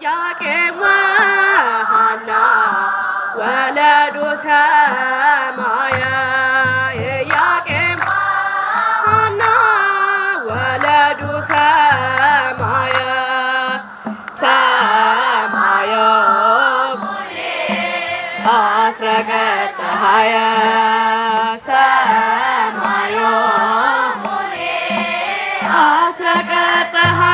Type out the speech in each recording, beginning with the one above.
ጥያቄ ሰማየ ሰማየ ሰማየ ፀሐየ ሰማየ ፀሐየ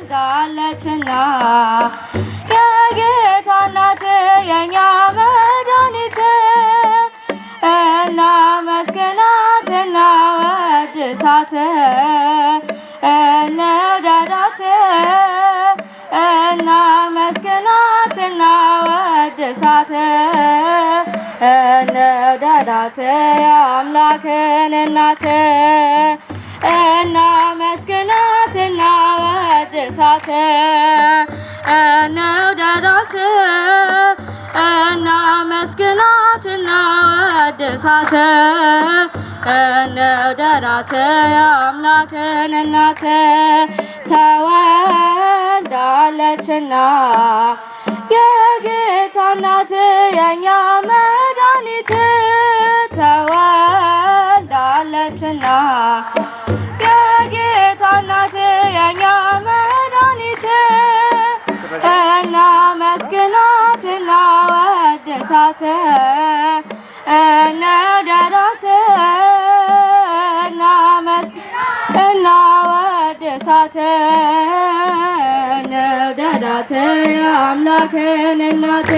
ጸንታለችና የጌታ እናት የእኛ መድኃኒት እናመስግናት፣ እናወድሳት፣ እንውደዳት። እናመስግናት፣ እናወድሳት፣ እንውደዳት የአምላክን እናት እናመስግናት እና እሳተ ነው ደዳት እና መስግናት እናወድሳት ነው አምላክን እናት ተወልዳለችና የጌታ እናት የእኛ መድኃኒት ተወልዳለችና ዳራተ እነ ዳራተ እናመስ እናወድሳተ እነ ዳራተ የአምላክን እናተ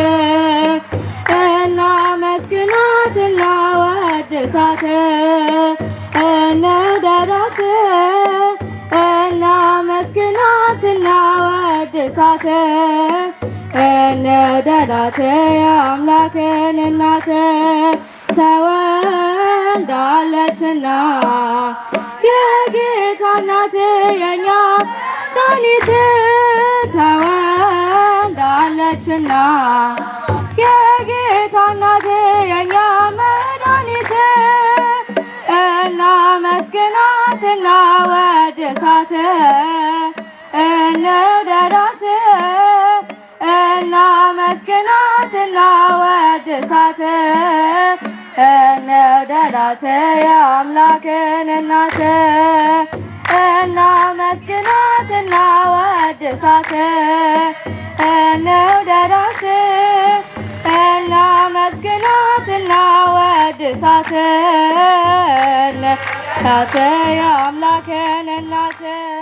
እናመስግናት እናወድሳተ እናመስግናት እናወድሳተ ለደላቴ አምላክን እናት ተወልዳለችና የጌታ እናት የኛ ዳኒት ተወልዳለችና የጌታ እናት የኛ መዳኒት እና ወድሳት እሳት እንውደዳት የአምላክን እናት እናመስግናት እናወድሳት እንውደዳት እናመስግናት እናወድሳት የአምላክን እናት